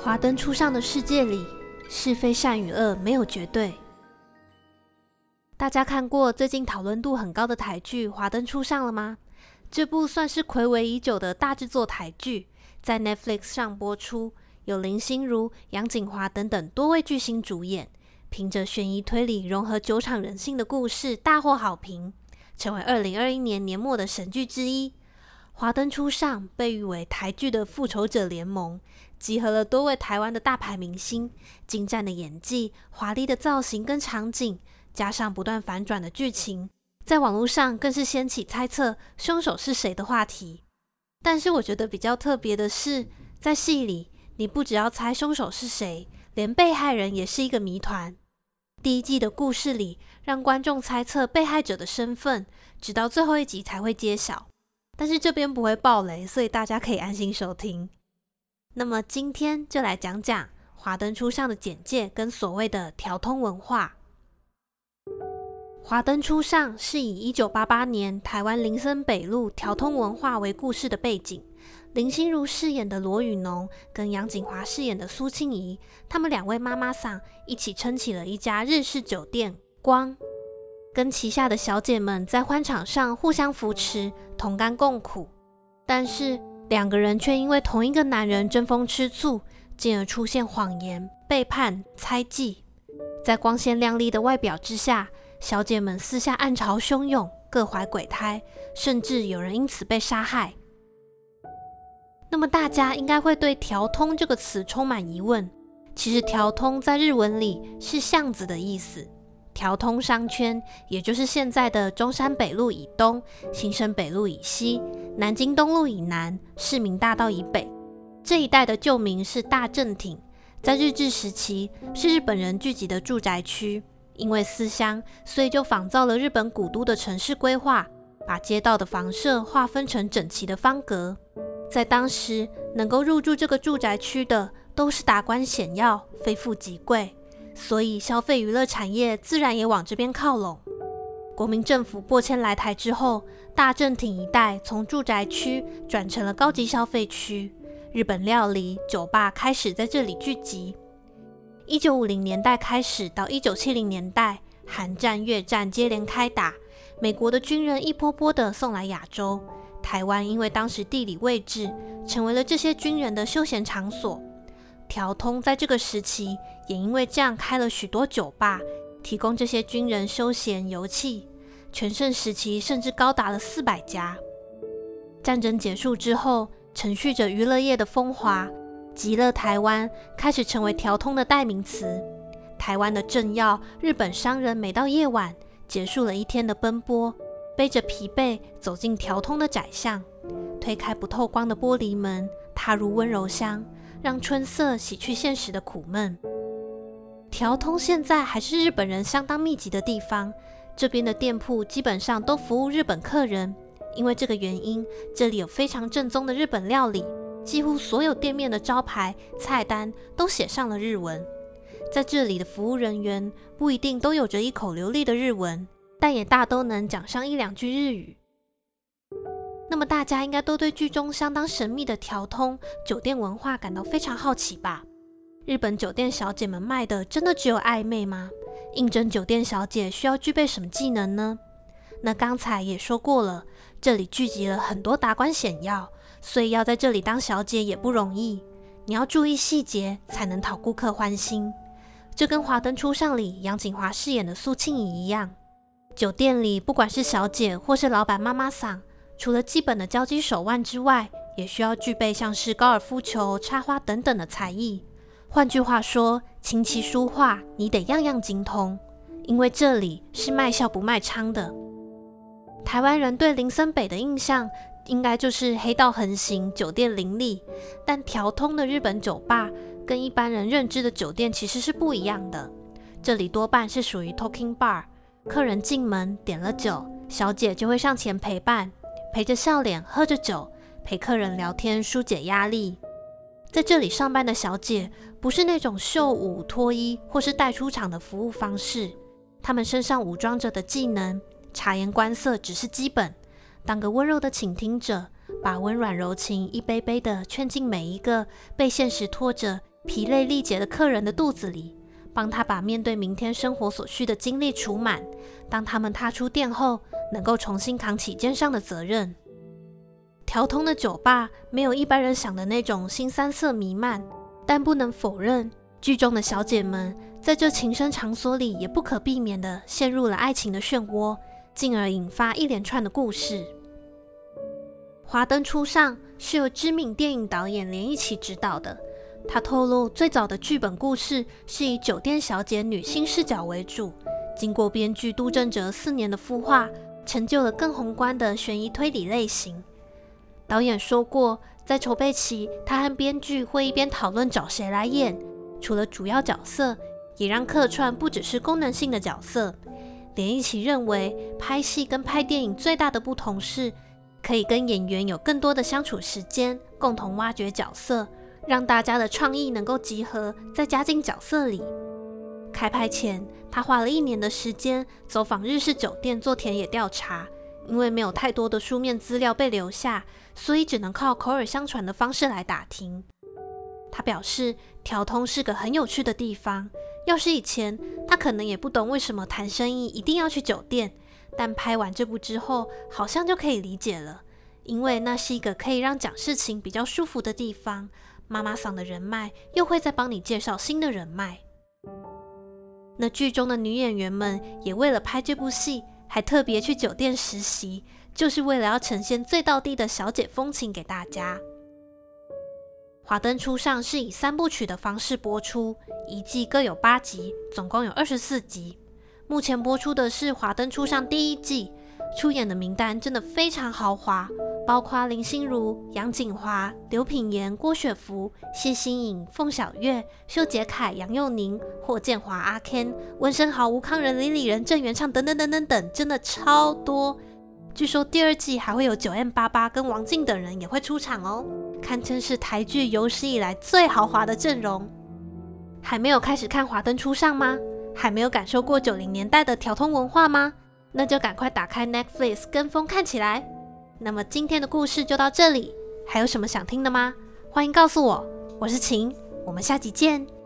華燈初上的世界裡，是非善與惡沒有絕對。大家看過最近討論度很高的台劇《華燈初上》了嗎？這部算是暌違已久的大製作台劇，在 Netflix 上播出，有林心如、楊謹華等等多位巨星主演，憑着懸疑推理融合酒場人性的故事，大獲好評，成為2021年年末的神劇之一。《華燈初上》被譽為台劇的《復仇者聯盟》，集合了多位台灣的大牌明星，精湛的演技、華麗的造型跟場景，加上不斷反轉的劇情，在網絡上更是掀起猜測兇手是誰的話題。但是，我覺得比較特別的是，在戲裡你不只要猜兇手是誰，連被害人也是一個謎團。第一季的故事裡，讓觀眾猜測被害者的身份，直到最後一集才會揭曉。但是這邊不會爆雷，所以大家可以安心收聽。那麼今天就來講講《華燈初上》的簡介跟所謂的條通文化。《華燈初上》是以一九八八年台灣林森北路條通文化為故事的背景，林心如飾演的羅雨儂跟楊謹華飾演的蘇慶儀，他們兩位媽媽桑一起撐起了一家日式酒店光，跟旗下的小姐們在歡場上互相扶持，同甘共苦，但是兩個人卻因為同一個男人爭風吃醋，進而出現謊言、背叛、猜忌。在光鮮亮麗的外表之下，小姐們私下暗潮洶湧，各懷鬼胎，甚至有人因此被殺害。那麼大家應該會對“條通”這個詞充滿疑問。其實“條通”在日文裡是巷子的意思。條通商圈，也就是現在的中山北路以東、新生北路以西、南京東路以南、市民大道以北這一帶的舊名是大正町，在日治時期是日本人聚集的住宅區。因為思鄉，所以就仿造了日本古都的城市規劃，把街道的房舍劃分成整齊的方格。在當時，能夠入住這個住宅區的，都是達官顯要，非富即貴。所以，消費娛樂產業自然也往這邊靠攏。國民政府播遷來台之後，大正町一帶從住宅區轉成了高級消費區，日本料理、酒吧開始在這裡聚集。一九五零年代開始到一九七零年代，韓戰、越戰接連開打，美國的軍人一波波的送來亞洲，台灣因為當時地理位置，成為了這些軍人的休閒場所。條通在這個時期也因為這樣開了許多酒吧，提供這些軍人休閒遊憩。全盛時期甚至高達了四百家。戰爭結束之後，承續着娛樂業的風華，極樂台灣開始成為條通的代名詞。台灣的政要、日本商人每到夜晚結束了一天的奔波，背着疲憊走進條通的窄巷，推開不透光的玻璃門，踏入溫柔鄉。讓春色洗去現實的苦悶。條通現在還是日本人相當密集的地方，這邊的店鋪基本上都服務日本客人。因為這個原因，這裡有非常正宗的日本料理，幾乎所有店面的招牌、菜單都寫上了日文。在這裡的服務人員不一定都有着一口流利的日文，但也大都能講上一兩句日語。那麼大家應該都對劇中相當神秘的條通酒店文化感到非常好奇吧？日本酒店小姐們賣的真的只有曖昧嗎？應徵酒店小姐需要具備什麼技能呢？那剛才也說過了，這裡聚集了很多達官顯要，所以要在這裡當小姐也不容易。你要注意細節，才能討顧客歡心。這跟《華燈初上》裡楊謹華飾演的蘇慶儀一樣，酒店裡不管是小姐或是老闆媽媽桑，除了基本的交際手腕之外，也需要具備像是高爾夫球、插花等等的才藝。換句話說，琴棋書畫你得樣樣精通，因為這裡是賣笑不賣娼的。台灣人對林森北的印象，應該就是黑道橫行、酒店林立。但條通的日本酒吧跟一般人認知的酒店其實是不一樣的。這裡多半是屬於 talking bar，客人進門點了酒，小姐就會上前陪伴。陪着笑臉，喝着酒，陪客人聊天，疏解壓力。在這裡上班的小姐，不是那種秀舞脫衣或是帶出場的服務方式。她們身上武裝着的技能，察言觀色只是基本，當個溫柔的傾聽者，把溫軟柔情一杯杯的勸進每一個被現實拖着疲累力竭的客人的肚子裡。幫他把面對明天生活所需的精力儲滿，當他們踏出店後能夠重新扛起肩上的責任。條通的酒吧沒有一般人想的那種腥羶色彌漫，但不能否認，劇中的小姐們在這情深場所裡也不可避免地陷入了愛情的漩渦，進而引發一連串的故事。華燈初上是由知名電影導演連奕琦執導的。他透露，最早的劇本故事是以酒店小姐女性視角為主，經過編劇杜政哲四年的孵化，成就了更宏觀的懸疑推理類型。導演說過，在籌備期，他和編劇會一邊討論找誰來演，除了主要角色，也讓客串不只是功能性的角色。連奕琦認為，拍戲跟拍電影最大的不同是，可以跟演員有更多的相處時間，共同挖掘角色。讓大家的創意能夠集合，再加進角色裡。開拍前，他花了一年的時間走訪日式酒店做田野調查。因為沒有太多的書面資料被留下，所以只能靠口耳相傳的方式來打聽。他表示，條通是個很有趣的地方。要是以前，他可能也不懂為什麼談生意一定要去酒店。但拍完這部之後，好像就可以理解了，因為那是一個可以讓講事情比較舒服的地方。媽媽桑的人脈又會再幫你介紹新的人脈。那劇中的女演員們也為了拍這部戲，還特別去酒店實習，就是為了要呈現最道地的小姐風情給大家。《華燈初上》是以三部曲的方式播出，一季各有八集，總共有二十四集。目前播出的是《華燈初上》第一季，出演的名單真的非常豪華。包括林心如、楊謹華、劉品言、郭雪芙、謝欣穎、鳳小岳、修杰楷、楊佑寧、霍建華、阿 Ken、溫升豪、吳慷仁、李李仁、鄭元暢等等等等等、等，真的超多。據說第二季還會有 9m88 跟王淨等人也會出場哦，堪稱是台劇有史以來最豪華的陣容。還沒有開始看《華燈初上》嗎？還沒有感受過九零年代的條通文化嗎？那就趕快打開 Netflix 跟風看起來。那麼今天的故事就到這裡，還有什麼想聽的嗎？歡迎告訴我，我是晴，我們下集見。